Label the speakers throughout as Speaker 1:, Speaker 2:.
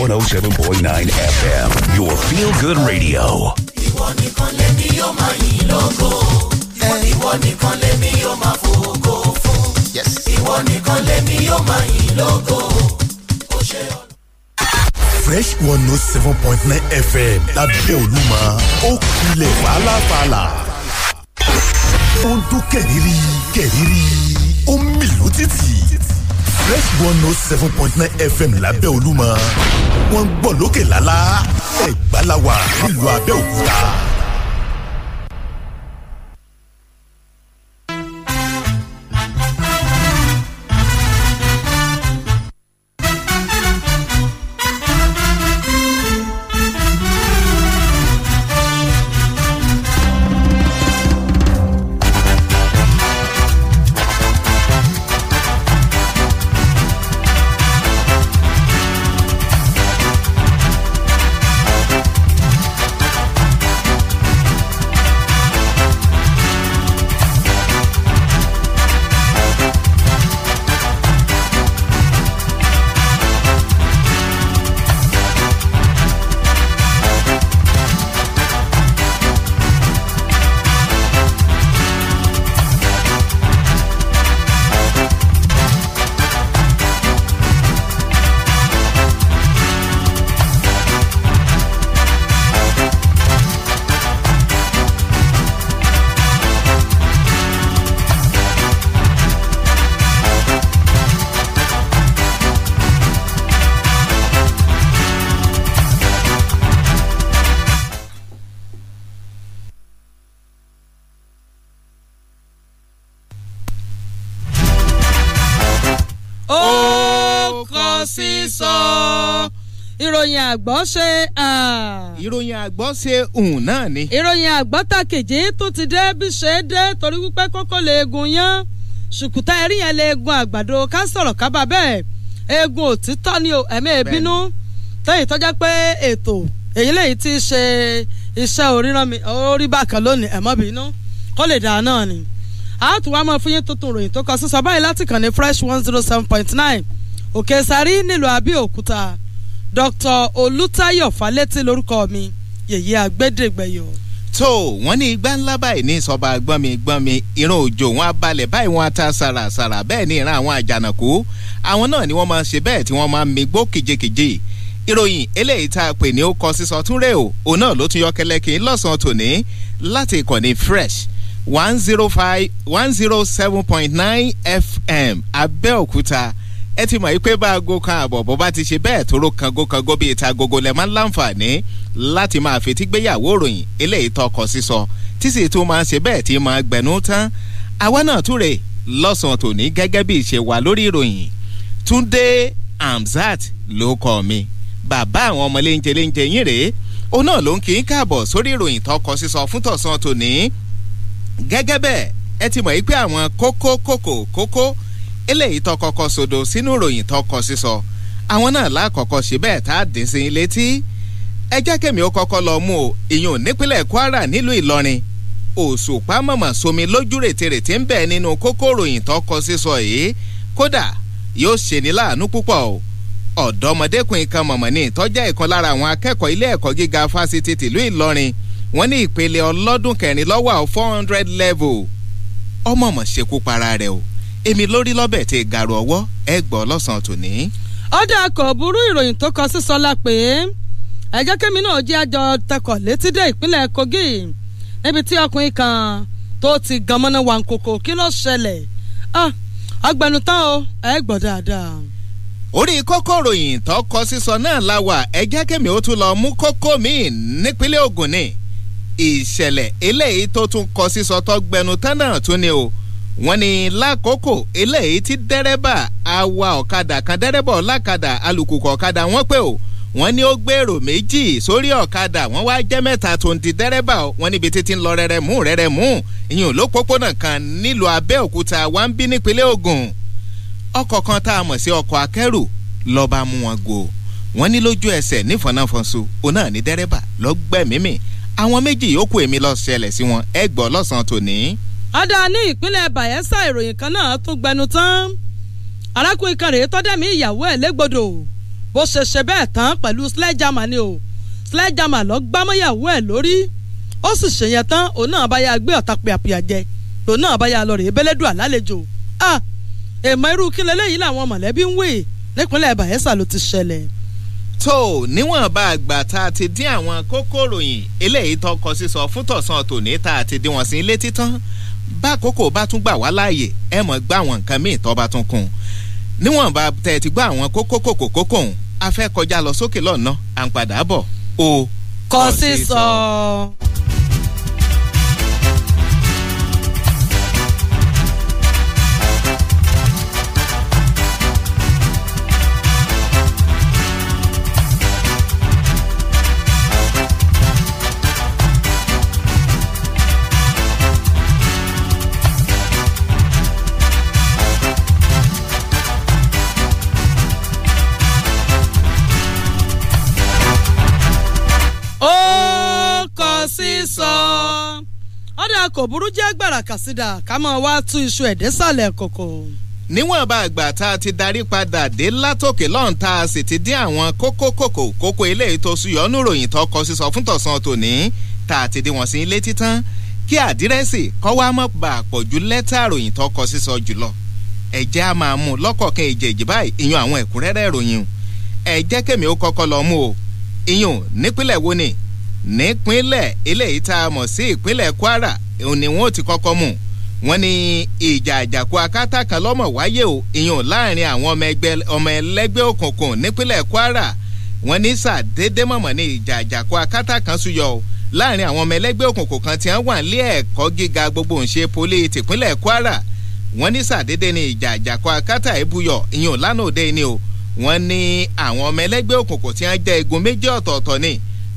Speaker 1: 107.9
Speaker 2: FM, your feel good radio. Yes. nìkan lèmi
Speaker 3: yóò máa yìn lógo.
Speaker 2: Fresh 107.9 FM lábẹ́ Olúmọ ó kulẹ̀ fàlàfàlà.
Speaker 3: Ó ń dún kẹ̀rìírí kẹ̀rìírí ó
Speaker 2: fresh one oh seven point nine fm lábẹ́ olúmọ wọ́n ń gbọ́ lókè lálá ẹ̀gbá la wà nílùú abẹ́òkúta.
Speaker 1: sọ ìròyìn àgbọ̀ ṣe. ìròyìn àgbọ̀ ṣe hùn náà ni. ìròyìn àgbọ̀ tàkèjì tó ti dé bí ṣe é dé torí wípé kókó lè egun yán ṣùkùtà ẹ̀rí yẹn lè egun àgbàdo ká sọ̀rọ̀ kábà bẹ́ẹ̀ egun òtítọ́ ni o ẹ̀mí ìbínú tẹ́yìn tọ́já pé ètò èyí lèyí ti ṣe iṣẹ́ mi orí bákan lónìí ẹ̀mọ́ bínú kó lè dà náà ni. a tún wá mọ fún yín tuntun ròyìn tó kọ sí sọ báyìí láti kàn ní fresh one zero seven point nine òkè sáré nílùú àbíòkúta dr olùtayọ falẹtí lórúkọ mi yèyé agbẹdẹgbẹyọ. tó wọn ní igbá ńlá báyìí ní ìsọba
Speaker 2: gbọ́nmi gbọ́nmi ìran òjò wọn abalẹ̀ báyìí wọn ata sàràsàrà bẹ́ẹ̀ ni ìran àwọn àjànàkú àwọn náà ni wọ́n máa ṣe bẹ́ẹ̀ tí wọ́n máa ń migbó kìjekìje ìròyìn eléyìí tá a pè ní ó kọ sísọ tún rè o òun náà ló tún yọ kẹlẹ́kì lọ́sàn-án tòní láti ìkànnì fresh one zero five one zero seven point nine fm abẹ́òkúta ẹ ti mọ̀ yìí pé bá aago kan àbọ̀ bó bá ti ṣe bẹ́ẹ̀ tóró kango kango bíi ta gogo lẹ̀ máa ń láǹfààní láti máa fetí gbéyàwó ròyìn eléyìí tọkọ sísọ tí sì tún máa ṣe bẹ́ẹ̀ tí máa gbẹ̀nú tán àwa náà túre lọ́sàn-án tòní gẹ́gẹ́ bí ìṣe wà lórí ìròyìn Túndé Amzat ló kọ́ mi bàbá àwọn ọmọ léńjẹ léńjẹ yín rèé òun náà ló ń kí í káàbọ̀ sórí ìròyìn tọkọ sísọ fún tọ̀sán tòní gẹ́gẹ́ bẹ́ẹ̀ ẹ ti mọ̀ yìí pé àwọn kókó kókó kókó eléyìí tó kọ́kọ́ sodo sínú ìròyìn tó kọ sísọ àwọn náà lákọ̀ọ́kọ́ ṣe bẹ́ẹ̀ tá a dín sí i létí ẹ jẹ́ kẹ́mi ó kọ́kọ́ lọ mú o ìyún nípínlẹ̀ Kwara nílùú Ìlọrin òṣùpá mọ̀mọ̀ somi lójú rètérètè ń bẹ nínú kókó ìròyìn tó kọ sísọ yìí kódà yóò ṣeni láàánú púpọ̀ o ọ̀dọ́mọdékùnrin kan mọ̀mọ̀ ní ìtọ́jà ìkan lára àwọn akẹ́kọ̀ọ́ ilé ẹ̀kọ́ gíga fásitì tìlú Ìlọrin wọ́n ní ìpele ọlọ́dún kẹrin lọ́wọ́ four hundred level ọmọ mọ̀ ṣekú para rẹ̀ o èmi lórí lọ́bẹ̀ tí gàrú ọwọ́ ẹ gbọ́ lọ́sàn-án tòní.
Speaker 1: ọ̀dà kò burú ìròyìn tó kọ sí sọlá pé ẹ jẹ́ kémi náà jẹ́ àjọ takọ̀ létí dé ìpínlẹ̀ Kogi níbi tí ọkùnrin kan tó ti gan mọ́nà wà ń kòkò kí ló ṣẹlẹ̀ ọgbẹnután ah, o ẹ gbọ́ dáadáa orí kókó ròyìn tó kọ sísọ náà la wà ẹ jẹ́ kẹ́mi ó tún lọ
Speaker 2: mú kókó míì nípínlẹ̀ Ògùn ni ìṣẹ̀lẹ̀ eléyìí tó tún kọ sísọ tó gbẹnu náà tún ni o wọ́n ní lákòókò eléyìí tí dẹ́rẹ́bà awa ọ̀kadà kan dẹ́rẹ́bà ọ̀làkadà alùpùpù ọ̀kadà wọ́n pé o wọ́n ní ó gbèrò méjì sórí ọ̀kadà wọ́n wá jẹ́ mẹ́ta tó ń di dẹ́rẹ́bà wọ́n níbi títí ń lọ rẹ̀rẹ̀ mú rẹ̀rẹ̀ mú ìyẹn lópópónà kan nílùú Abẹ́òkúta wá ń bí nípínlẹ̀ Ògùn ọkọ̀ kan tá a mọ̀ sí ọkọ̀ akẹ́rù lọ́ba mú wọn go wọ́n ní lójú ẹsẹ̀ nífọ̀nàfọ̀nso òun náà ní dẹ́rẹ́bà lọ́gbẹ̀mímì àwọn méjì yòókù èmi lọ́ọ́ ṣẹlẹ̀ sí wọn ẹgbọ́ lọ́sàn-án tòní
Speaker 1: ọ̀dà ní ìpínlẹ̀ Bayelsa ìròyìn kan náà tún gbẹnu tán arákùnrin kan rèé tọ́dẹ̀mí ìyàwó ẹ̀ légbodò bó ṣe ṣe bẹ́ẹ̀ tán pẹ̀lú sledgehammer ni o sledgehammer lọ gbámọ́yàwó ẹ̀ lórí ó sì ṣèyẹn tán òun náà bá yà gbé ọ̀tá pìàpìà jẹ òun náà bá yà lọ rèé bẹ́lẹ́dùà lálejò ah èèmọ̀ irú kí leléyìí làwọn mọ̀lẹ́bí ń wè nípínlẹ̀ Bayelsa ló ti ṣẹlẹ̀ tó níwọ̀n bá àgbà tá
Speaker 2: a ti dín àwọn kókó ròyìn eléyìí tọkọ sísọ fún tòní tá a ti dín wọn sí létí tán bákòókò bá tún gbà wá láàyè ẹ mọ̀ gbá àwọn nǹkan míì tó bá tún kùn níwọ̀nba tẹ̀ ti gbọ́ àwọn kókó kòkó kókó òun a fẹ́ kọjá lọ sókè lọ́nà à ń padà bọ̀ o.
Speaker 1: kọ sísọ. So. ọ̀dà kò burú jẹ́ gbàràkàsídà ká máa wá tú iṣu ẹ̀dẹ́sàlẹ̀ kòkò. níwọ̀n bá àgbà tá a ti
Speaker 2: darí padà dé látòkè lọ́hùn tá a sì ti dín àwọn kókó kòkò kókó eléyìí tó suyọ̀nù ròyìn tó kọ sísọ fún tọ̀sán tòní tá a ti dín wọn sí ilé títán kí àdírẹ́sì kọ́ wá mọ̀ bá àpọ̀jù lẹ́tà ròyìn tó kọ sísọ jùlọ ẹ̀jẹ̀ á máa mú lọ́kọ̀ọ̀kan èjèèjì báyìí ìyún àwọn ẹ̀kúnrẹ́rẹ́ ròyìn ẹ̀jẹ̀ kèmí ó kọ́kọ́ lọ mú o ìyún nípínlẹ̀ wo ni nípínlẹ̀ eléyìí tá a mọ̀ sí ìpínlẹ̀ Kwara òun ni wọ́n ti kọ́kọ́ mú wọ́n ní ìjà àjàkú akátá kan lọ́mọ̀ wáyé o ìyẹn láàrin àwọn ọmọ ẹlẹ́gbẹ́ òkùnkùn nípínlẹ̀ Kwara wọ́n ní sàdédé mọ̀mọ́ ni ìjà àjàkú akátá kan súyọ o láàrin àwọn ọmọ ẹlẹ́gbẹ́ òkùnkùn kan tí wọ́n wà nílé ẹ̀kọ́ gíga gbogbo ńṣe poli tìpínlẹ̀ Kwara wọ́n ní sàdédé ní ìjà àjàkú akátá ìbúyọ ìyẹn lánàá òde ni o wọ́n ní àwọn ọmọ ẹlẹ́gbẹ́ òkùnkùn tí wọ́n jẹ́ igun méjì ọ̀tọ̀ọ̀tọ̀ ni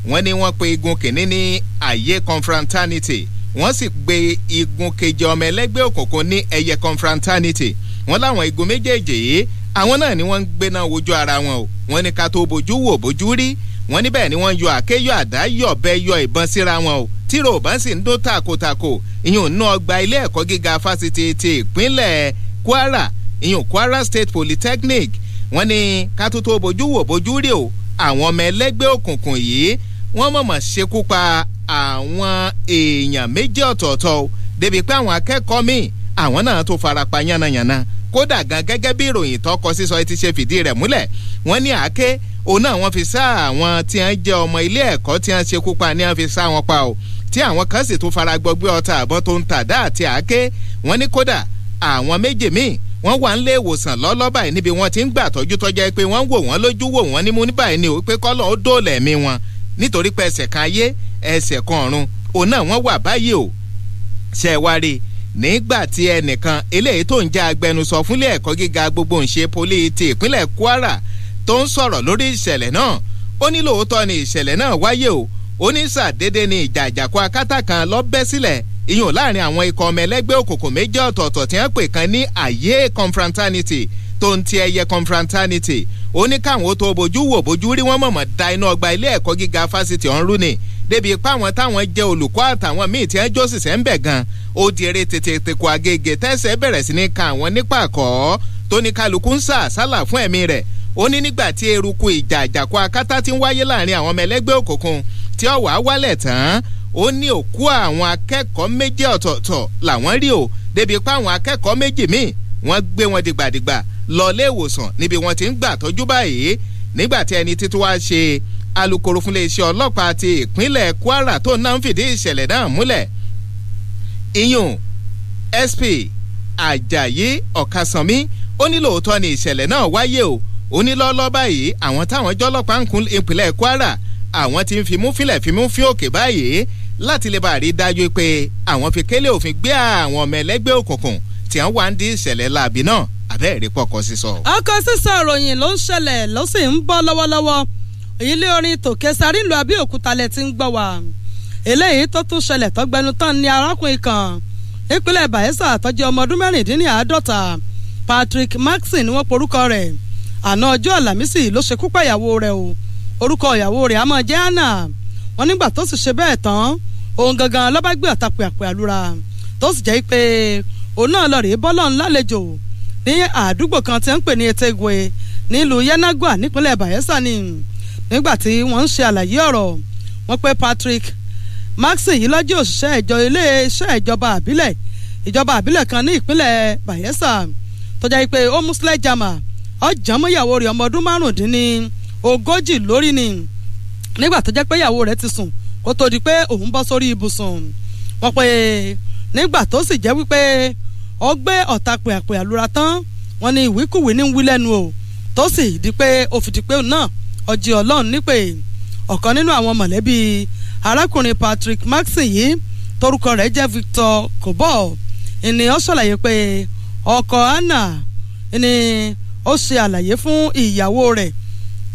Speaker 2: wọ́n ní wọ́n pe igun kìíní ní ayé confraternity wọ́n sì gbé igun kejì ọmọ ẹlẹ́gbẹ́ òkùnkùn ní ẹyẹ confraternity wọ́n láwọn igun méjèèjì yìí àwọn náà ni wọ́n ń gbéná wojú ara wọn o wọ́n ní ká tó bójú wò bójú rí wọ́n níbẹ̀ ni wọ́n yọ àké yọ àdá yọ ọ̀bẹ yọ ìbọn síra wọn o tíro ò bá sì ń dó takotako ìyẹn ò ná ọgbà ilé ẹ̀kọ́ gíga fásitì ti ìpínlẹ̀ Kwara ìyẹn Kwara State Polytechnic wọ́n ní ká tó tó bójú wò bójú rí o àwọn ọmọ ẹlẹ́gbẹ́ òkùnkùn yìí wọ́n mọ̀mọ̀ ṣekú pa àwọn èèyàn méjì ọ̀tọ̀ọ̀tọ̀ o débi pé àwọn akẹ́kọ̀ọ́ míì àwọn náà tó farapa yánnayànna kódà gan gẹ́gẹ́ bí ìròyìn tọkọ sísọ ti ṣe fìdí rẹ̀ múlẹ̀ wọ́n ní àáké òun náà wọ́n fi sá àwọn tí wọ́n jẹ́ ọmọ ilé ẹ̀kọ́ tí wọ́n ṣekú pa ni wọ́n fi sá wọn pa o tí àwọn kan sì tún fara gbọgbé ọta àbọ̀ tó ń tàdá àti àáké wọ́n ní kódà àwọn méjì míì wọ́n wà nílé ìwòsàn lọ́lọ́ báyìí níbi wọ́n ti ń gbà tọ́jú tọ́já pé wọ́n ń wò wọ́n lójú wò wọ́n nímú ní báyìí ni ó pé kọ́lọ́ ó dóòlà ẹ̀mí wọn nítorí pé ẹsẹ̀ kan ayé ẹsẹ̀ kan ọ̀run òun náà wọ́n wà báyìí o ṣẹ̀wárí nígbà tí ẹnìkan eléyìí tó ń jẹ́ agbẹnusọ fúnlé ẹ̀kọ́ gíga gbogbo ń ṣe poli ti ìpínlẹ̀ Kwara tó ń sọ̀rọ̀ lórí ìṣẹ̀lẹ̀ náà ó ní lóòótọ́ ni ìṣẹ̀lẹ̀ náà wáyé o ó ní sàdédé ni ìjà àjàkú akátá kan lọ bẹ́ sílẹ̀ ìyún láàrin àwọn ikọ̀ ọmọ ẹlẹ́gbẹ́ òkùnkùn méjì ọ̀tọ̀ọ̀tọ̀ tí wọ́n pè kan ní àyè confraternity tó ń ti ẹyẹ confraternity ó ní káwọn ó tó bójú wò bójú rí wọ́n mọ̀mọ́ da iná ọgbà ilé ẹ̀kọ́ gíga fásitì ọ̀hún ni débi ipá àwọn táwọn jẹ́ olùkọ́ àtàwọn míì tí wọ́n jó sì sẹ́ ń bẹ̀ gan ó di eré tètè tèkò àgègè tẹ́sẹ̀ bẹ̀rẹ̀ sí ní ka àwọn nípa àkọ́ tó ní kálukú ń sà sálà fún ẹ̀mí rẹ̀ ó ní nígbà tí eruku ìjà àjàkú akátá ti ń wáyé láàrin àwọn ọmọ ẹlẹ́gbẹ́ òkùnkùn tí wálẹ̀ tán ó ní òkú àwọn akẹ́kọ̀ọ́ méjì ọ̀tọ̀ọ̀tọ̀ làwọn rí o débi ipá àwọn akẹ́kọ̀ọ́ méjì míì wọ́n gbé wọn dìgbàdìgbà lọlé ìwòsàn níbi wọ́n ti ń gbà tọ́jú báyìí nígbà tí ẹni títí wá ṣe alukoro fún iléeṣẹ́ ọlọ́pàá ti ìpínlẹ̀ Kwara tó náà ń fìdí ìṣẹ̀lẹ̀ náà múlẹ̀ iyùn SP Ajayi Ọ̀kasànmí ó ní lóòótọ́ ni ìṣẹ̀lẹ̀ náà wáyé o ó ní lọ́lọ́ báyìí àwọn táwọn jọ́lọ́pàá ń kún ìpínlẹ̀ Kwara àwọn ti ń fimú fílẹ̀ fimú fín òkè báyìí láti lè bá rí dájú pé àwọn fi kélé òfin gbé àwọn ọmọ ẹlẹ́gbẹ́ òkùnkùn tí wọ́n wá ń di ìṣẹ̀lẹ̀ láabi náà
Speaker 1: abẹ́ẹ̀rí pọkọ sísọ. ọkọ sísọ ló ń ṣẹlẹ̀ ló sì ń bọ́ lọ́wọ́lọ́wọ́ ilé orin tòkè lẹ ti ń gbọ́ wa eléyìí tó tún ṣẹlẹ̀ tọ́gbẹ́nu tán ni arákùnrin kan nípínlẹ̀ Bayelsa ọmọ ọdún Patrick wọ́n porúkọ rẹ̀ àná ọjọ́ Àlàmísì ló o orúkọ ìyàwó rẹ̀ àmọ́ jẹ́ Anna wọn nígbà tó gangan àlúra tó sì jẹ́ pé òun náà ní àdúgbò kan tí ń pè ní etegwe nílùú yanagua nípínlẹ̀ bayelsa ni nígbà tí wọ́n ń ṣe àlàyé ọ̀rọ̀ wọ́n pé Patrick Maxson yìí lọ́jọ́ òṣìṣẹ́ ìjọ iléeṣẹ́ ìjọba àbílẹ̀ ìjọba àbílẹ̀ kan ní ìpínlẹ̀ bayelsa tọ́jà yìí pé ó mú Jama ọ̀jọ̀ mú ìyàwó rẹ̀ ọmọ ọdún márùndínní ogójì lórí ni nígbà tó jẹ́ pé ìyàwó rẹ̀ ti sùn kó tó di pé òun bọ́ sórí ibùsùn wọ́n pe nígbà tó sì jẹ́ wípé ó gbé ọ̀tá pèàpèà lura tán wọn ni ìwíkùwí ní wí lẹ́nu o tó sì di pé ó fìdí pé náà ọjì ọlọ́run nípè ọ̀kan nínú àwọn mọ̀lẹ́bí arákùnrin Patrick Maxey yìí torúkọ rẹ̀ jẹ́ Victor Cobol ìní ó ṣàlàyé pé ọkọ Anna ni ó ṣe àlàyé fún ìyàwó rẹ̀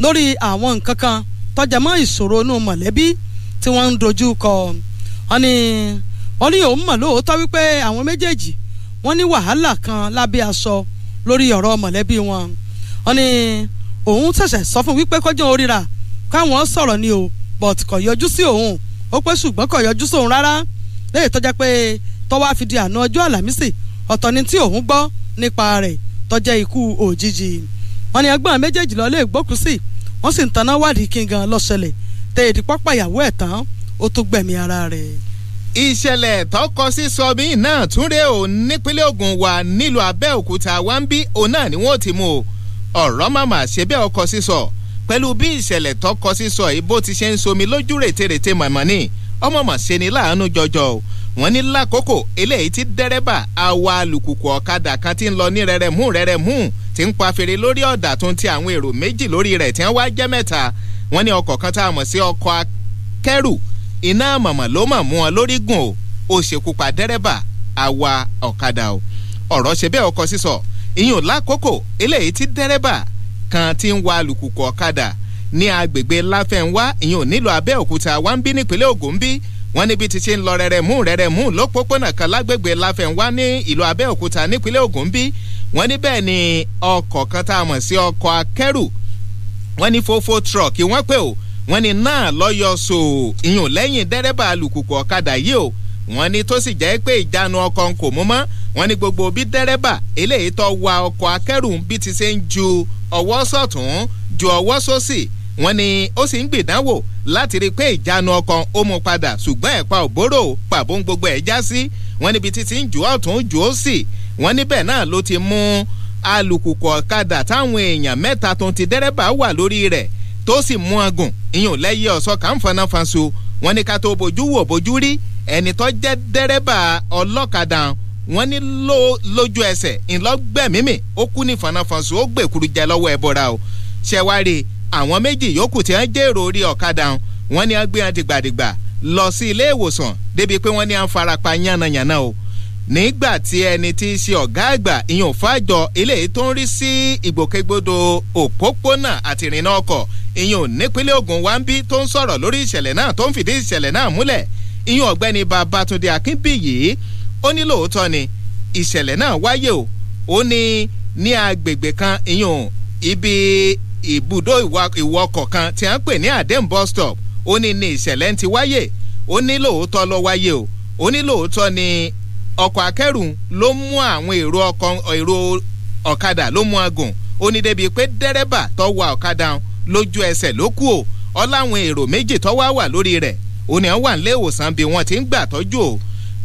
Speaker 1: lórí àwọn nǹkan kan tọ́jà mọ́ ìṣòro inú mọ̀lẹ́bí tí wọ́n ń dojú kọ ọ́ ni wọ́n ní òun mọ̀ lóòótọ́ wípé àwọn méjèèjì wọ́n ní wàhálà kan lábẹ́ aṣọ lórí ọ̀rọ̀ mọ̀lẹ́bí wọn wọ́n ní òun ṣẹ̀ṣẹ̀ sọ fún wípé kọjá oríra káwọn sọ̀rọ̀ ni o but kò yọjú sí òun ó pé ṣùgbọ́n kò yọjú sóun rárá lẹ́yìn tó jẹ́ pé tọ́wá fi di àná ọjọ́ àlàmísì ọ̀tọ̀ ni tí òun gbọ́ nípa rẹ̀ tó jẹ́ ikú òjijì wọ́n ní ẹgbọ́n méjèèjì lọ lè gbókùsì wọ́n sì ń taná wádìí kí n gan tẹ̀ èdè pápá ìyàwó ó tún gbẹ̀mí ara rẹ̀ ìṣẹ̀lẹ̀ tọkọ sísọ mi
Speaker 2: náà túnde ò nípínlẹ̀ Ògùn wà nílùú Abẹ́òkúta wá ń bí òun náà ni wọ́n ti mú o ọ̀rọ̀ màmá ṣe bẹ́ẹ̀ ọkọ sísọ pẹ̀lú bí ìṣẹ̀lẹ̀ tọkọ sísọ yìí bó ti ṣe ń somi lójú rètérètè mọ̀mọ́ ni ọmọ mọ̀ ṣe ni láàánú jọjọ o wọ́n ní lákòókò eléyìí tí dẹ́rẹ́bà awa alùpùpù ọ̀kadà kan ti ń lọ ní rẹ̀rẹ̀mú rẹ̀rẹ̀mú ti ń pa fèrè lórí ọ̀dà tó ń ti àwọn èrò méjì lórí rẹ̀ tí wọ́n wá jẹ́ mẹ́ta wọ́n ní ọkọ̀ kan tá a mọ̀ sí ọkọ̀ akẹ́rù iná màmá ló mà mú wọn lórí gùn o ó ṣekú pa dẹ́rẹ́bà àwa ọ̀kadà o ọ̀rọ̀ ṣe bẹ́ẹ̀ ọkọ̀ sísọ ìyún lákòókò eléyìí tí dẹ́rẹ́bà kan ti ń wa alùpùpù ọ̀kadà ní agbègbè láfẹnwá ìyún nílò abẹ́òkúta wá ń bí nípínlẹ̀ Ògùn bí wọ́n níbi ti ṣe ń lọ rẹ̀rẹ̀mú rẹ̀rẹ̀mú lópópónà kan lágbègbè láfẹnwá ní ìlú abẹ́òkúta nípínlẹ̀ Ògùn bí wọ́n ní bẹ́ẹ̀ ni ọkọ̀ kan tá a mọ̀ sí ọkọ̀ akẹ́rù wọ́n ní fofo truck wọ́n pè wọ́n ní náà lọ́yọ̀ so ìyún lẹ́yìn dẹ́rẹ́bà alùpùpù ọ̀kadà yìí o wọ́n ní tó sì jẹ́ pé ìjánu ọkọ̀ ń kò mú mọ́ wọ́n ní gbogbo bí dẹ́rẹ́bà eléyìí tó wa ọkọ̀ akẹ́rù bí ti ṣe ń ju ọwọ́ sọ̀tún ju ọwọ́ sósì wọ́n ní ó sì ń gbìdánwò láti rí i pé ìjánu ọkọ̀ ó mú padà ṣùgbọ́n ẹ̀pa òbóró pàbó ń gbogbo ẹ̀ já sí wọ́n níbi títí ń jù ọ̀tún jù ó sì wọ́n níbẹ̀ náà ló ti mú alùpùpù ọ̀kadà táwọn èèyàn mẹ́ta tó ti dẹ́rẹ́bà wà lórí rẹ̀ tó sì mú agùn ìyún lẹ́yìn ọ̀sọ́ kàǹfọ̀nà fanṣu wọn ní ká tó bójú wò bójú rí ẹni tó jẹ́ dẹ́rẹ́bà ọlọ́kadà wọn ní lójú ẹsẹ̀ ńlọgbẹ̀mímì ó kú ní fọnáfọnṣu ó gbèkúrú jẹ lọ́wọ́ ẹ̀bọ̀ra o ṣẹ̀wárí àwọn méjì yòókù tí wọ́n jèrò orí ọ̀kadà wọn ní wọ́n gbé wọn dìgbàdìgbà lọ sí ilé ìwòsàn débi pé wọ́n ní wọ́n farapa yánnayànna o nígbà tí ẹni tí í ṣe ọ̀gá àgbà ìyọ̀n ilé tó ń rí sí ìgbòkègbodò òpópónà àtìrìnnà ọkọ̀ ìyún nípínlẹ̀ Ògùn wa ń bí tó ń sọ̀rọ̀ lórí ìṣẹ̀lẹ̀ náà tó ń fìdí ìṣẹ̀lẹ̀ náà múlẹ̀ ìyún ọ̀gbẹ́ni Babátúndé Akínbíyì ó ní lóòótọ́ ni ìṣẹ̀lẹ̀ náà wáyé o ó ní ní agbègbè kan ìyún ibi ibùdó ìwọkọ̀ kan tí a ń pè ní Adem bus stop ó ní ní ìṣẹ̀lẹ̀ ń ti wáyé ó ní lóòótọ́ ló wáyé o ó ní lóòótọ́ ni ọkọ̀ akẹ́rù ló mú àwọn èrò ọkọ̀ èrò ọ̀kadà ló mú agùn ó ní débi pé dẹ́rẹ́bà tó wa ọ̀kadà lójú ẹsẹ̀ ló kù o ọ èrò méjì tó wà lórí rẹ̀ òní ọ wà nílé ìwòsàn bí wọ́n ti ń gbà tọ́jú o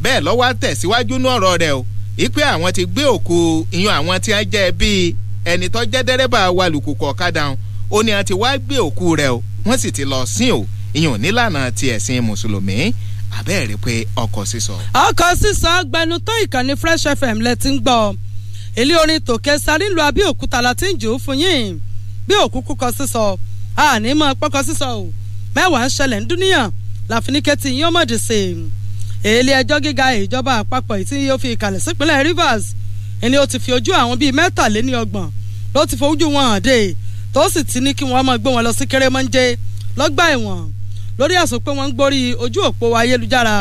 Speaker 2: bẹ́ẹ̀ lọ́wọ́ tẹ̀síwájú ní ọ̀rọ̀ rẹ̀ o ìpè àwọn ti gbé òkú ìyan àwọn tí wọ́n jẹ́ bíi ẹni tó jẹ́ dẹ́rẹ́bà wa lùkùkọ̀ ọ̀kadà ó ní àti wá gbé òkú rẹ̀ o wọ́n sì ti lọ sin o ìyan nílànà ti ẹ̀sìn mùsùlùmí àbẹ́ẹ̀rí pé ọkọ̀ sísọ.
Speaker 1: ọkọ̀ sísọ gbẹnutọ́ ìkànnì Fresh FM lẹ ti ń gbọ́ ilé orin tòkẹ́ sáré lu Abẹ́òkúta la ti ń jò fún yín bí òkúkú kọ sísọ àní mọ pọkọ sísọ o mẹ́wàá ń ṣẹlẹ̀ ń dúníyàn láfiníkẹ́tì yín ọmọdé sí i èlé ẹjọ́ gíga ìjọba àpapọ̀ tí yóò fi ìkàlẹ̀ sípínlẹ̀ Rivers ẹni ó ti fi ojú àwọn bíi mẹ́tàléníọgbọ̀n ló ti fojú wọn hàn dé tó sì ti ní kí wọ́n máa gbé wọn lọ sí kérémọ́njé lọ́gbà ẹ̀wọ̀n lórí àsọ pé wọ́n ń gbórí ojú òpó ayélujára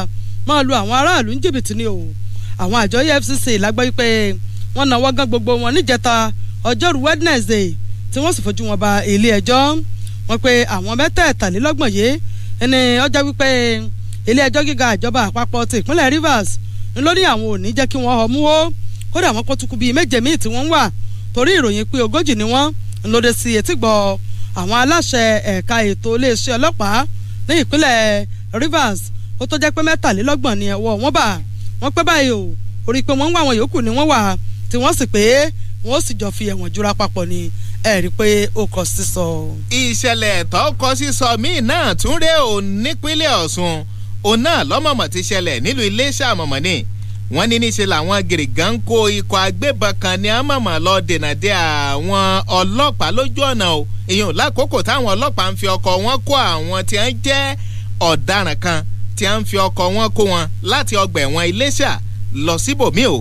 Speaker 1: máa lu àwọn aráàlú ní jìbìtì ni o àwọn àjọ EFCC lágbọ́ pé wọ́n náwó gan gbogbo wọn níjẹta ọjọ́rú Wednesday tí wọ́n sì fojú wọn ba ilé ẹjọ́ wọ́n pé àwọn mẹ́tẹ̀ẹ̀tàlélọ́gbọ̀n yìí ẹni ọjọ́ wípé ilé ẹjọ́ gíga ìjọba àpapọ̀ ti ìpínlẹ̀ Rivers ńlórí àwọn ò ní jẹ́ kí wọ́n ọmú ó kódà wọ́n kó tukú bíi méje míì tí wọ́n wà torí ìròyìn pé ogójì ni wọ́n ńlọdẹ sí etí gbọ́ àwọn aláṣẹ ẹ̀ka ètò iléeṣẹ́ ọlọ́pàá ní ìpínlẹ̀ Rivers ó tó jẹ́ pé mẹ́tàlélọ́gbọ̀n ni ẹ̀wọ̀ wọ́n bà wọ́n pẹ́ báyìí o orí pé wọ́n ń wá yòókù ni wọ́n wà tí wọ́n sì pé wọ́n sì jọ fi ẹ̀wọ̀n jura papọ̀ ni ẹ rí i pé ó kọ sísọ. ìṣẹ̀lẹ̀ ẹ̀tọ́ kọ sísọ míì náà tún ré o
Speaker 2: nípínlẹ̀ ọ̀ṣun òun náà lọ́mọ̀mọ̀ ti ṣẹlẹ̀ nílùú iléṣà mọ̀mọ́ ni wọ́n ní níṣe làwọn gèrègà ń kó ikọ̀ agbébọn kan ní àmọ̀mọ̀ lọ dènà dé àwọn ọlọ́pàá lójú ọ̀nà o èyàn lákòókò táwọn ọlọ́pàá ń fi ọkọ̀ wọn kó àwọn tí wọ́n jẹ́ ọ̀daràn kan tí wọ́n ń fi ọkọ̀ wọn kó wọn láti ọgbà ẹ̀wọ̀n iléṣà lọ síbòmí o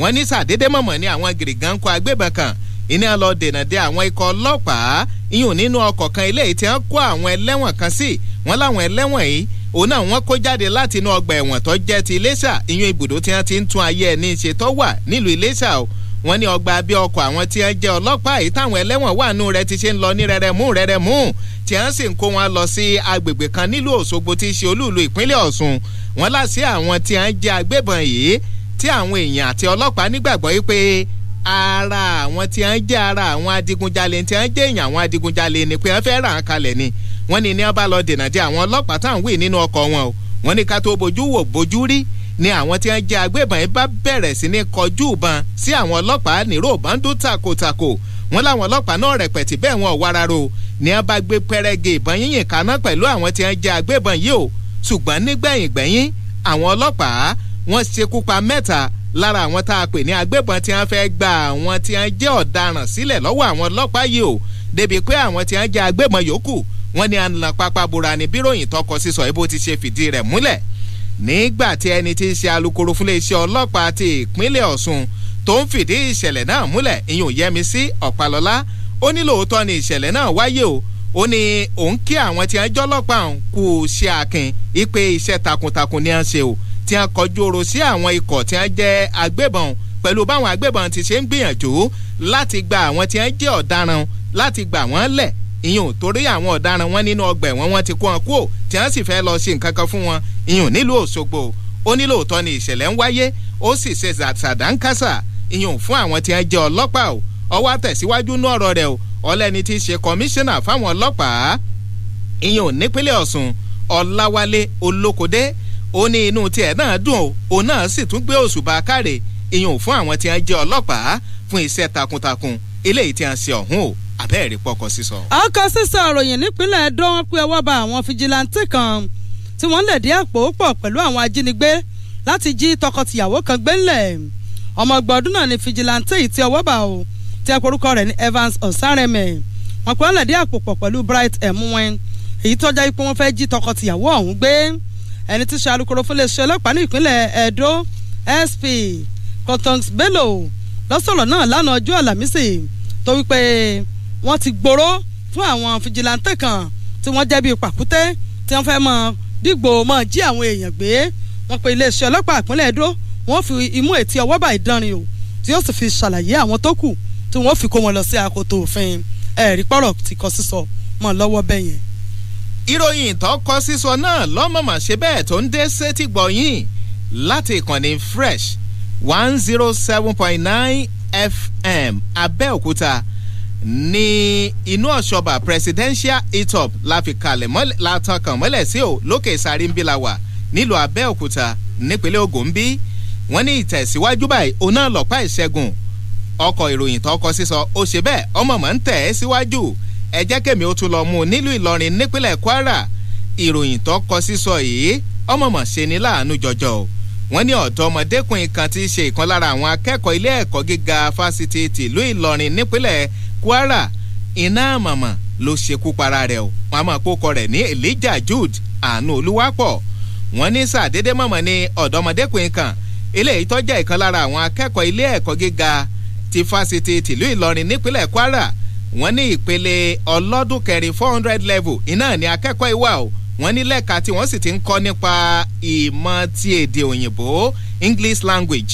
Speaker 2: wọ́n ní sàdédé mọ̀mọ́ ní àwọn gèrègà ń kó agbébọn kan iná lọ dènà de àwọn ikọ̀ ọlọ́pàá iyùn nínú ọkọ̀ kan ilé yìí tí wọ́n kó àwọn ẹlẹ́wọ̀n kan sí wọ́n láwọn ẹlẹ́wọ̀n yìí òun náà wọ́n kó jáde láti inú ọgbà ẹ̀wọ̀n tó jẹ́ ti Iléṣà iyùn ibùdó tí wọ́n ti ń tún ayé ẹni ṣe tó wà nílùú Iléṣà o wọ́n ní ọgbà abẹ́ ọkọ̀ àwọn tí wọ́n jẹ́ ọlọ́pàá yìí táwọn ẹlẹ́wọ̀n wà nù rẹ̀ ti ṣe ń lọ ní rẹ̀rẹ̀mú rẹ̀rẹ̀mú tí wọ́n sì ń kó wọn lọ sí agbègbè kan nílùú Òṣogbo tí í ṣe olúùlú ìpínlẹ̀ Ọ̀ṣun wọ́n láṣẹ àwọn tí wọ́n jẹ́ agbébọn yìí tí àwọn èèyàn àti ọlọ́pàá nígbàgbọ́ yìí pé ara àwọn tí wọ́n jẹ́ ara àwọn adigunjalè tí wọ́n jẹ́ èèyàn àwọn adigunjalè ni pé wọ́n fẹ́ ràn án kalẹ̀ ni wọ́n ní ní wọ́n bá lọ dènà dé àwọn ọlọ́pàá táwọn wì nínú ọkọ̀ wọn o wọ́n ní ká tó bójú wò bójú rí ni àwọn tí wọ́n jẹ́ agbébọn yìí bá bẹ̀rẹ̀ sí ní kọjú ìbọn sí àwọn ọlọ́pàá nírò bándú takotako wọ́n láwọn ọlọ́pàá náà rẹpẹtì bẹ́ẹ̀ wọn ò wá rárá ni wọ́n bá gbé pẹrẹgì ìbọn yíyìn kaná pẹ̀lú àwọn tí wọ́n jẹ́ agbébọn yìí o ṣùgbọ́n nígbẹ̀yìn gbẹ̀yìn àwọn ọlọ́pàá wọ́n ṣekú pa mẹ́ta lára àwọn tá a pè ní agbébọn tí wọ́n fẹ́ gba àwọn tí wọ́n jẹ́ ọ̀daràn sílẹ̀ lọ́wọ́ àwọn ọlọ́pàá yìí o débi pé àwọn tí wọ́n jẹ́ agbébọn yòókù wọ́n ní àná pápá bora ni bíròyìn tọkọ sísọ ibo ti ṣe fìdí rẹ̀ múlẹ̀ nígbà tí ẹni tí í ṣe alukoro fúnléeṣẹ́ ọlọ́pàá ti ìpínlẹ̀ Ọ̀ṣun tó ń fìdí ìṣẹ̀lẹ̀ náà múlẹ̀ ìyún Yẹmisí Ọ̀pálọ́lá ó ní lóòótọ́ ni ìṣẹ̀lẹ̀ náà wáyé o ó ní òun kí àwọn tí wọ́n jọ́lọ́pàá kù ṣe àkìn ìpè iṣẹ́ takuntakun ni wọ́n ṣe o tí wọ́n kọjú oro sí àwọn ikọ̀ tí wọ́n jẹ́ agbébọn pẹ̀lú báwọn agbébọn ti ṣe ń gbìyànjú láti gba àwọn tí wọ́n jẹ́ ọ̀daràn láti gbà wọ́n lẹ̀ ìyún torí àwọn ọ̀daràn wọn nínú ọgbà ẹ̀wọ̀n wọn ti kó wọn kúò tí wọ́n sì fẹ́ lọ ṣe nǹkan kan fún wọn ìyún nílùú Òṣogbo ó ní lóòótọ́ ni ìṣẹ̀lẹ̀ ń wáyé ó sì ṣe ṣàdánkásà ìyún fún àwọn tí wọ́n jẹ́ ọlọ́pàá o ọwọ́ àtẹ̀síwájú ní ọ̀rọ̀ rẹ̀ o ọlẹ́ni tí ṣe kọmíṣánná fáwọn ọlọ́pàá ìyún nípínlẹ̀ Ọ̀ṣun Ọláwálé Olókòdé ó ní inú tiẹ̀ náà dùn ó òun náà sì tún gbé òṣùbà káre ìyún fún àwọn tí wọ́n jẹ́ ọlọ́pàá fún iṣẹ́ takuntakun eléyìí tí wọ́n ṣe ọ̀hún o àbẹ́ẹ̀rí pọkọ sísọ.
Speaker 1: ọkọ sísọ ìròyìn nípínlẹ̀ Ẹdó wọn pé ọwọ́ ba àwọn fijilantí kan tí wọ́n lẹ̀dí àpò pọ̀ pẹ̀lú àwọn ajínigbé láti jí tọkọtìyàwó kan gbé ńlẹ̀ ọmọ gbọdún náà ni fijilantí yìí tí ọwọ́ bá o tí ẹ porúkọ rẹ̀ ní Evans Osareme wọn pé wọ́n lẹ̀dí àpò pọ̀ pẹ̀lú Bright Emuwen èyí tọ́já ipò wọn fẹ́ jí tọkọtìyàwó ọ̀hún gbé ẹni tí ṣe alukoro fún iléeṣẹ́ ní ìpínlẹ̀ Edo SP Cotons Bello lọ́sọ̀rọ̀ náà lánàá ọjọ́ àlàmísì tó wípé wọ́n ti gbòòrò fún àwọn fìjìláńtì kan tí wọ́n jẹ́ bíi pàkúté tí wọ́n fẹ́ mọ dìgbò mọ jí àwọn èèyàn gbé wọ́n pe iléeṣẹ́ ọlọ́pàá ìpínlẹ̀ Edo wọ́n fi imú ètí ọwọ́ bá ìdánrin o tí yóò sì fi ṣàlàyé àwọn tó kù tí wọ́n fi kó wọn lọ sí akoto òfin ẹ̀rí pọ̀rọ̀ ti kọ sísọ mọ́ lọ́wọ́ bẹ́yẹn ìròyìn ìtọ́kọ sísọ
Speaker 2: náà lọ́mọ̀mọ̀ ṣe bẹ́ẹ̀ tó ń dé sétí gbọ̀yìn láti ìkànnì fresh one zero seven point nine fm abẹ́òkúta ní inú ọ̀ṣọ́bà presidential etop la fi kalẹ̀ mọ́lẹ̀ la tan kàn mọ́lẹ̀ sí o lókè sáré ń bí la wà nílùú abẹ́òkúta nípínlẹ̀ ogun ń bí wọ́n ní ìtẹ̀síwájú báyìí oná lọ́pàá ìṣẹ́gun ọkọ̀ ìròyìn tọkọ sísọ ó ṣe bẹ́ẹ̀ ọmọ mọ̀ ń tẹ̀ ẹ́ síwájú si ẹ jẹ́ kèmí ó tún lọ mú un nílùú ìlọrin nípínlẹ̀ kwara ìròyìn tó kọ sísọ yìí ọmọọmọ ṣe ni láàánú jọjọ o wọ́n ní ọ̀dọ́mọdékùnrin kan ti ṣe ìkan lára àwọn akẹ́kọ̀ọ́ ilé ẹ̀kọ́ gíga fásitì tìlú ìlọrin nípínlẹ̀ kwara iná màmá ló ṣekú para rẹ̀ o wọ́n á máa kókọ rẹ̀ ní elijah jude àánú olúwapọ̀ wọ́n ní sàdédé mọ̀mọ́ ni ọ̀dọ́mọdékùnrin kan eléyìí tó jẹ́ ìkan lára àwọn akẹ́kọ̀ọ́ ilé ẹ̀kọ́ gíga ti fásitì tìlú ìlọrin nípínlẹ̀ kwara wọ́n ní ìpele ọlọ́dún kẹrin four hundred level iná ní akẹ́kọ̀ọ́ ìwà o wọ́n ní lẹ́ka tí wọ́n sì ti ń kọ́ nípa ìmọ̀ ti èdè òyìnbó English language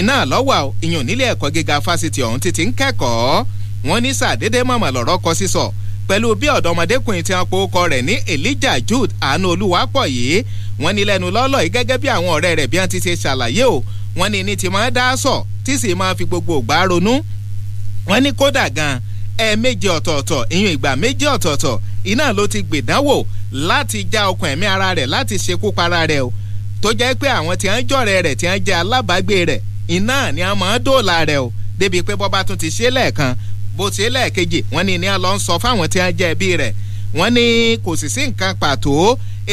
Speaker 2: iná lọ́wọ́ o ìyọ̀n nílé ẹ̀kọ́ gíga fásitì ọ̀hún ti ti ń kẹ́kọ̀ọ́ wọ́n ní sàdédé mọ̀mọ́ lọ́rọ́ kọ sísọ pẹ̀lú bí ọ̀dọ́mọdékùnrin tí wọ́n po ọkọ rẹ̀ ní Elijah Jude àánú olúwapọ̀ yìí wọ́n ní lẹ́nu lọ́lọ́ yìí gẹ́gẹ́ bí àwọn ọ̀rẹ́ rẹ̀ bí wọ́n ti ṣe ṣàlàyé o wọ́n ní ní ti máa dá sọ tí sì máa fi gbogbo ògbà ronú wọ́n ní kódà gan-an ẹ̀ẹ̀méje ọ̀tọ̀ọ̀tọ̀ ìyún ìgbà méje ọ̀tọ̀ọ̀tọ̀ iná ló ti gbèdánwò láti já okùn ẹ̀mí ara rẹ̀ láti ṣekú para rẹ̀ o tó jẹ́ pé àwọn tí wọ́n jọ̀rẹ́ rẹ̀ tí wọ́n jẹ́ alábàágbé rẹ̀ iná ni wọ́n máa ń dóòlà rẹ̀ o débi pé bọ́ba tún ti ṣe lẹ́ẹ̀kan bó ṣe lẹ́ẹ̀kejì wọ́n ní ní a lọ ń sọ fáwọn tí wọ́n jẹ́ ẹbí rẹ̀ wọ́n ní kò sì sí nǹkan pàtó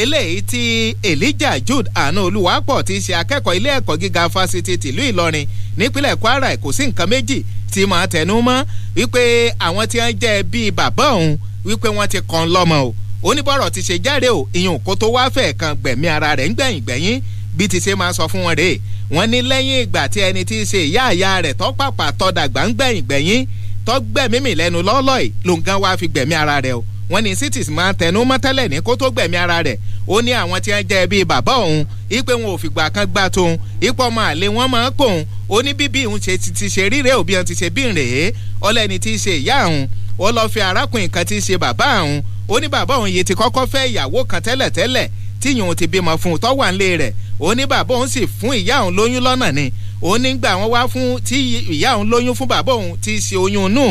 Speaker 2: eléyìí tí Elijah Jude àánú Olúwapọ̀ ti ṣe akẹ́kọ̀ọ́ ilé ẹ̀kọ́ gíga fásitì tìlú Ìlọrin nípínlẹ̀ Kwara kò sí nǹkan méjì tí màá tẹnu mọ́ wípé àwọn tí wọ́n jẹ́ bíi bàbá òun wípé wọ́n ti kàn lọ́mọ o oníbọ̀rọ̀ ti ṣe jáde o ìyẹn kó tó wá fẹ́ kan gbẹ̀mí ara rẹ̀ ńgbẹ̀yìn gbẹ̀yìn bí ti ṣe máa sọ fún wọn rèé wọ́n ní lẹ́yìn ìgbà tí ẹni tí í ṣe ìyá àyá rẹ̀ tọ́pàpà tọ́dàgbà ńgbẹ̀yìn gbẹ̀yìn tọ́gbẹ̀mímì lẹ́nu lọ́lọ́ọ̀ lòǹgán wá fi gbẹ̀mí ara rẹ̀ o wọ́n ní cities máa tẹnu mọ́ tẹ́lẹ̀ ní kó tó gbẹ̀mí ara rẹ̀ ó ní àwọn tí wọ́n jẹ́ bíi bàbá òun ipe wọn ò fìgbà kan gbà tóun ipò ọmọ àlè wọn máa ń pòun ó ní bíbí òun ṣe ti ṣe ríre òbí òun ti ṣe bí rèé ọlẹ́ni ti ṣe ìyá òun ó lọ́ọ́ fi arákùnrin kan ti ṣe bàbá òun ó ní bàbá òun yìí ti kọ́kọ́ fẹ́ ìyàwó kan tẹ́lẹ̀tẹ́lẹ̀ tí ìyóun ti bímọ fún un tọ́wà ńlé rẹ̀ ó ní bàbá òun sì fún ìyá òun lóyún lọ́nà ni ó ní gbà wọ́n wá fún tí ìyá òun lóyún fún bàbá òun ti ṣe oyún inú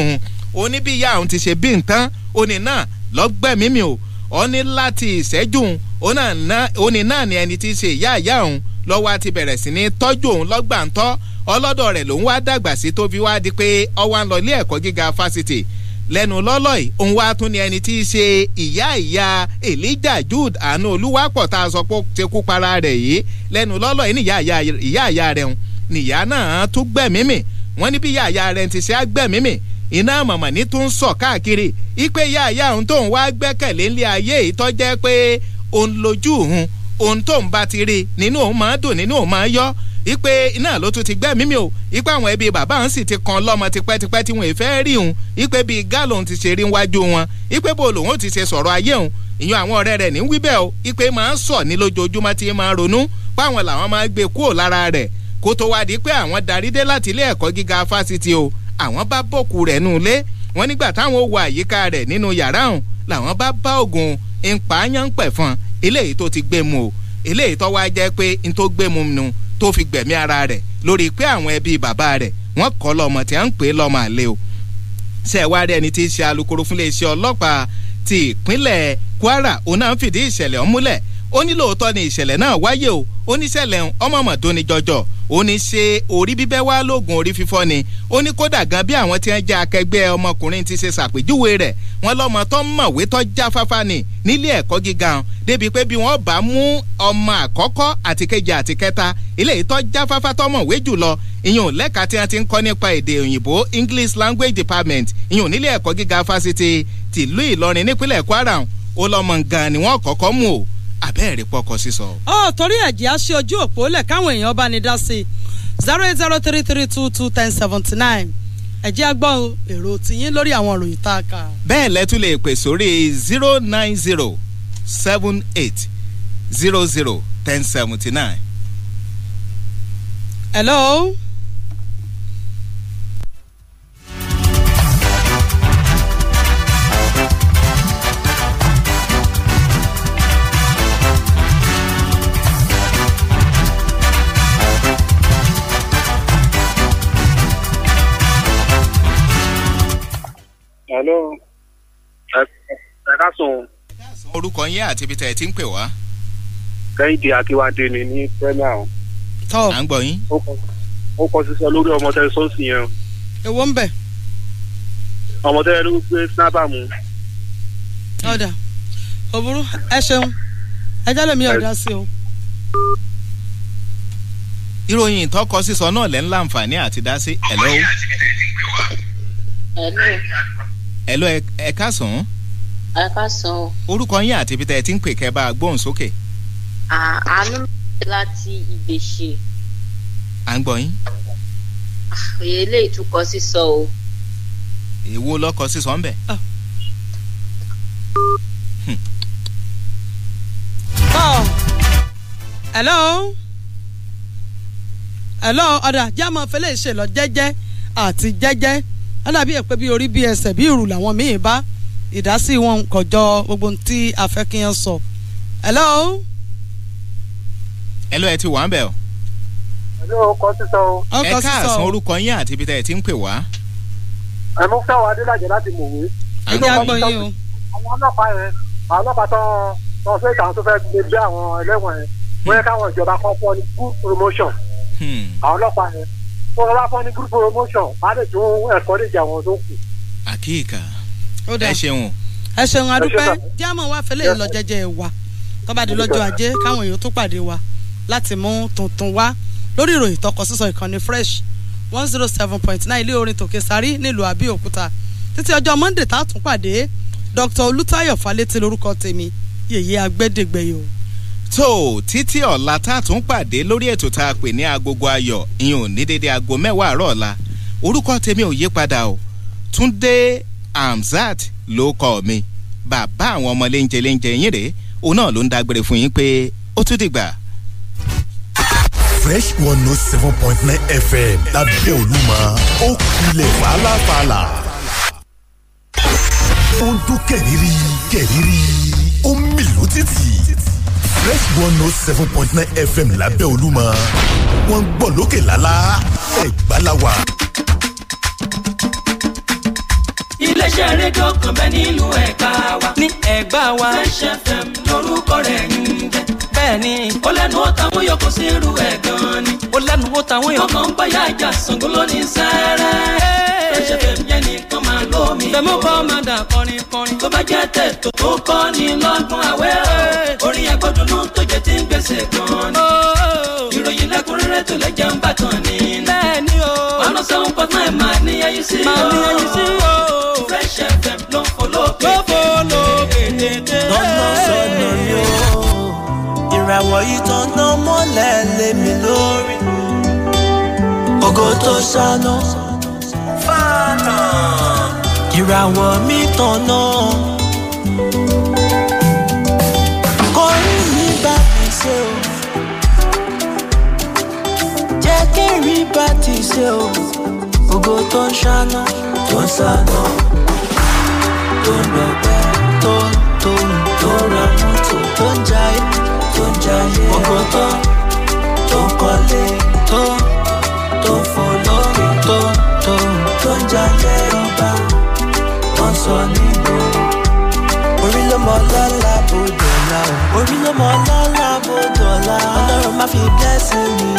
Speaker 2: òun ó ní bí ìyá òun ti ṣe bí nǹkan ó ní náà lọ́gbẹ̀mímì o ọ ní láti ìṣẹ́jú òní náà ni ẹni tí í ṣe ìyá ìyá òun lọ́wọ́ àti bẹ̀rẹ̀ sí ní tọ́jú òun lọ́gbà ń tọ́ ọlọ́dọ̀ rẹ̀ lòun wá dàgbà sí tó fi wá di pé ọwọ́ ń lọ ilé ẹ̀kọ́ gíga fásitì lẹ́nu lọ́lọ́ yìí òun wá tún ni ẹni tí í ṣe ìyá ìyá Elijah Jude àánú olúwapọ̀ tá a sọ pé ó ti kú para rẹ̀ yìí lẹ́nu lọ́lọ́ yìí ni ìyá ìyá rẹ̀ ń nìyá náà tún gbẹ̀mímì wọ́n ní bí ìyá ìyá rẹ̀ ti ṣe á gbẹ̀mímì iná mọ̀mọ̀ ní tún sọ káàkiri ipe ya ya òun tóun wá gbẹ́kẹ̀lé ilé ayé ìtọ́jẹ́ pé òun lójú òun òun tóun bá ti rí nínú òun máa dùn nínú òun máa yọ́ ipe iná ló tún ti gbẹ́mí mi o ipe àwọn ẹbí bàbá òun sì ti kan lọ́mọ tipẹ́tipẹ́ tí wọ́n fẹ́ rí òun ipe bíi gáàlù òun ti ṣe rí wájú wọn ipe bó lòun ti ṣe sọ̀rọ̀ ayé òun ìyọ̀n àwọn ọ̀rẹ́ rẹ̀ ní wíbẹ̀ o ipe máa ń sọ̀ ní lójoojúmọ́ tí máa ronú páwọn làwọn máa gbé kúrò lára rẹ̀ kó tó wá di pé àwọn darí dé láti ilé ẹ̀kọ́ gíga fásitì o àwọn bá bòkú rẹ̀ nù lé wọ́n nígbà táwọn wo àyíká rẹ̀ nínú yàrá òun làwọn bá bá ògùn ìpààyàn pẹ̀fọn eléyìí tó ti gbé mu o eléyìí tó wá jẹ́ pé n tó gbé mu nu tó fi gbẹ̀mí ara rẹ̀ lórí pé àwọn ẹbí bàbá rẹ̀ wọ́n kọ́ lọ́mọ tí à ń pè é àlè o ṣẹ̀wárí ẹni tí í ṣe alukoro fún iléeṣẹ́ ọlọ́pàá ti ìpínlẹ̀ Kwara òun náà ń fìdí ìṣẹ̀lẹ̀ ọ̀hún múlẹ̀ ó ní lóòótọ́ ni ìṣẹ̀lẹ̀ náà wáyé o ó ọmọọmọdún ni jọjọ ó ní ṣe orí bíbẹ́ wá lóògùn orí fífọ́ ni ó ní kódà gan bí àwọn tí wọ́n jẹ́ akẹgbẹ́ ọmọkùnrin ti ṣe ṣàpèjúwe rẹ̀ wọ́n lọ́mọ tó ń mọ̀wé tó jáfáfá ni nílé ẹ̀kọ́ gíga hàn débi pé bí wọ́n bá mú ọmọ àkọ́kọ́ àti kejì àti kẹta ilé ìtọ́ jáfáfá tó mọ̀wé jùlọ ìyẹn lẹ́ka tí wọ́n ti ń kọ́ nípa èdè òyìnbó English Language Department ìyẹn nílé ẹ̀kọ́ gíga fásitì tìlú Ìlọrin nípínlẹ̀ Kwara ó lọ́mọ gan ni wọ́n kọ́kọ́ mú o àbẹ́ẹ̀rí pọkọ sísọ.
Speaker 1: ọ torí ẹ̀jẹ̀ á ṣe ojú òpó lẹ̀ káwọn èèyàn bá ní dá sí i zero eight zero three three two two ten seventy nine ẹ̀jẹ̀ á gbọ́ èrò tìyín lórí àwọn ìròyìn tá a kà.
Speaker 2: bẹ́ẹ̀ lẹ́tún lè pè sórí zero nine zero seven eight zero zero ten seventy nine.
Speaker 1: hello.
Speaker 2: ẹ̀dásùn. orúkọ yín àti ibi tẹ̀ ẹ ti ń pè wá. kẹ́hìndé akíwádé ni ní premier. tọ́ à ń gbọ́ yín. ó
Speaker 3: kọ sísọ lórí ọmọ tẹ sọ́ọ̀sì yẹn. èwo ń bẹ̀. ọmọ tẹ ló gbé
Speaker 2: snapper mu.
Speaker 1: ọ̀dà òbúrú ẹ ṣeun ẹ
Speaker 2: jálè ọ̀dà sí o. ìròyìn ìtọ́kọ sísọ náà lẹ́ ń láǹfààní àti dá sí ẹ̀ lọ́wọ́. ẹ̀lọ́ ẹ̀ka sàn
Speaker 3: ẹ ká o.
Speaker 2: orúkọ yín àti ibi tẹ́ ẹ ti ń pè kẹ́ bá a gbóhùn sókè.
Speaker 3: àánú mẹ́rin láti
Speaker 2: ìgbèṣe. à ń gbọ́ yín. Ah, èlé ìtúkọ sísọ o. èwo lọkọ sísọ ń bẹ.
Speaker 1: Ah. Hmm. Oh. hello hello ọ̀dà jámọ̀ fẹlẹ́ ìṣèlọ jẹ́jẹ́ àti jẹ́jẹ́ ọ̀dà bíi èpè bíi orí bíi ẹsẹ̀ bíi ìrù làwọn míì bá ìdásí wọn kò jọ gbogbo tí a fẹ́ kí yẹn sọ. hello. hello ẹ ti wà ń bẹ̀ o.
Speaker 3: hello kọ sísọ o. ẹ káàsán
Speaker 2: orúkọ yín àti ibi tẹ ẹ ti ń pè wá.
Speaker 3: ẹ mú fẹ́ wá adélàjẹ láti mọ̀wé.
Speaker 2: ìdí àgbọ̀ yín o.
Speaker 3: àwọn ọlọ́pàá yẹn àwọn ọlọ́pàá tán tán fẹ́ ìtàn tó fẹ́ gbé bí àwọn ẹlẹ́wọ̀n yẹn wọ́n yẹ káwọn ìjọba kan fọ́ ní good promotion. Hmm. àwọn ọlọ́pàá yẹn
Speaker 1: tó wọ́n bá fọ́ ní good promotion má lè tún ẹ̀kọ́ lè jà wọn tó kù.
Speaker 2: àkíyèká ẹ ṣeun.
Speaker 1: ẹ ṣeun adúpẹ́ díámọ̀ wá fẹ́lẹ́ lọ jẹ́jẹ́ wa tọ́badì lọ́jọ́ ajé káwọn èèyàn tó pàdé wa láti mú tuntun wá lórí ìròyìn tọkọ sísọ ìkànnì fresh one zero oh seven point nine ilé orin tòkè sáré nílùú àbíòkúta títí ọjọ́ monday tá a tún pàdé dr olùtayọ̀ falẹ́tì lórúkọ tèmi yèyé agbẹ́dẹ́gbẹ́yò.
Speaker 2: tó o títí ọ̀la tá a tún pàdé lórí ètò tá a pè ní agogo ayọ̀ ìyún ní dédé aago mẹ́wàá àárọ̀ ọ̀la orúkọ tèmi ò yí padà o túndé Hamzat ló kọ́ mi bàbá àwọn ọmọ léńjẹ léńjẹ yín rèé òun náà ló ń dágbére fún yín pé ó tún dìgbà. Fresh one note oh seven point nine FM lábẹ́ Olúmọ ó kulẹ̀ fàlàfàlà
Speaker 3: ó ń dún kẹ̀rìírí kẹ̀rìírí ó ń mì
Speaker 2: lótìtì fresh one note oh seven point nine fm lábẹ́ olúmọ wọ́n ń gbọ́ lókè lálá ẹ̀gbá la wà iléeṣẹ́ rédíò kan bẹ́ẹ̀ nílùú ẹ̀gbá wa.
Speaker 3: ní ẹ̀gbá wa. Fresh FM lórúkọ rẹ̀ ń jẹ́. bẹ́ẹ̀ni. ó lẹ́nu ó tàwọn yóò kó sí ẹ̀ gan ni. ó lẹ́nu ó tàwọn yóò. ọkàn ń gbáyà ìjà Ṣàngó lónìí sẹ́rẹ́. Fresh FM yẹn nìkan máa lómi. fẹmú kọ́ máa dà kọrin kọrin. tó bá jẹ́ tètò tó kọ́ ni lọ́gbọ̀n àwẹ̀ orin ẹgbọ́dúnú tó jẹ́ ti ń gbèsè gan ni. Oh, oh, oh ìròyìn lẹ́kùnrẹ́rẹ́ tó lè jẹun bàtàn ni. bẹ́ẹ̀ni o. one oh seven point nine máa ní ẹyí sí i o. máa ní ẹyí sí i o. Fresh FM ló ń folókè. ló folókè tètè. lọ́nà sọ̀nà ni o. ìràwọ̀ yìí tán náà mọ́lẹ̀ lémi lórí. ògo tó ṣáná. fàánà. ìràwọ̀ mi tán party say o o go turn ṣáná turn ṣáná tó ń lọ́gbẹ́ tó ń tó ń tó ń ra tó kọ́lé tó tó ń tó tó tó ọba tó ń sọ nígboro orí ló mọ lọ́la bòdò ọlọ́run má fi blessing mi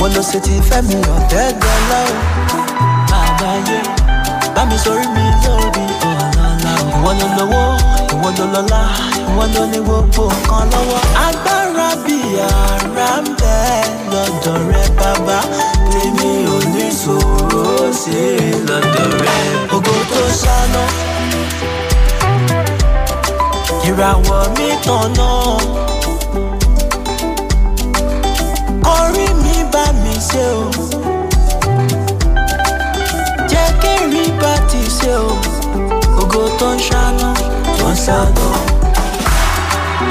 Speaker 3: wo ló ṣe ti fẹ́ mi ọ̀tẹ́ gọlọ́ àgbáyé bá mi sọrí mi lórí ọ̀làlà ìwọ ló lówó ìwọ ló lọ́lá ìwọ ló ní gbogbo nǹkan lọ́wọ́ agbára bí ara ń bẹ lọ́dọ̀ rẹ bàbá lèmi ò ní ṣòro sí lọ́dọ̀ rẹ ògo tó ṣáná ìràwọ̀ mi tàn náà. ṣe o. jẹ́ kí n rí bá ti ṣe o. ògo tó ń ṣáná tó ń ṣàdọ̀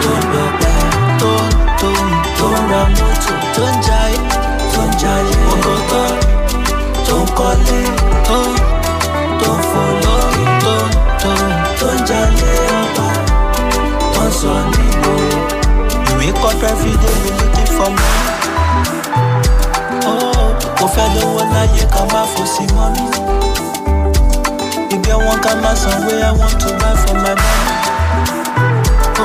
Speaker 3: tó ń lọ́pẹ́ tó tó tó ń ra mọ́tò tó ń jayé tó ń jayé. ògo tó tó ń kọ́lé tó tó ń fò lókè tó tó tó ń jalè ọba tó ń sọ nígboro. ìwé kọ́ fẹ́ fi dé mi looking for money mo fẹ́ lówó láyé ká má fò sí mọ́rí ìgbẹ́ wọn ká má san wé i want to buy for my money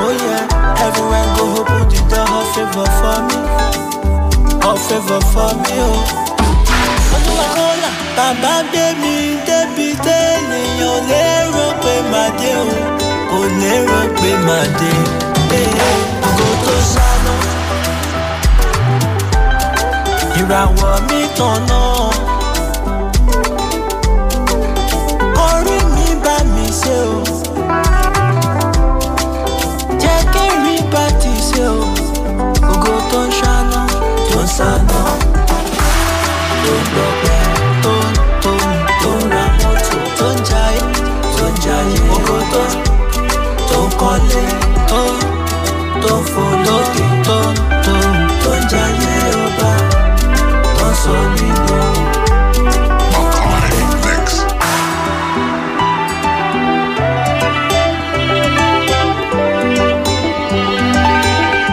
Speaker 3: oh yeah everywhere go open the door all favour for me all favour for me o. Oh. olúwa kọ́lá bàbá gbé mi débi téèyàn lérò pé màdé o kò lérò pé màdé o. ìràwọ̀ mi tọ̀nà. orí Don't bá mi ṣe o. jẹ́ kẹ́rì bá ti ṣe o. ògo tó ń ṣáná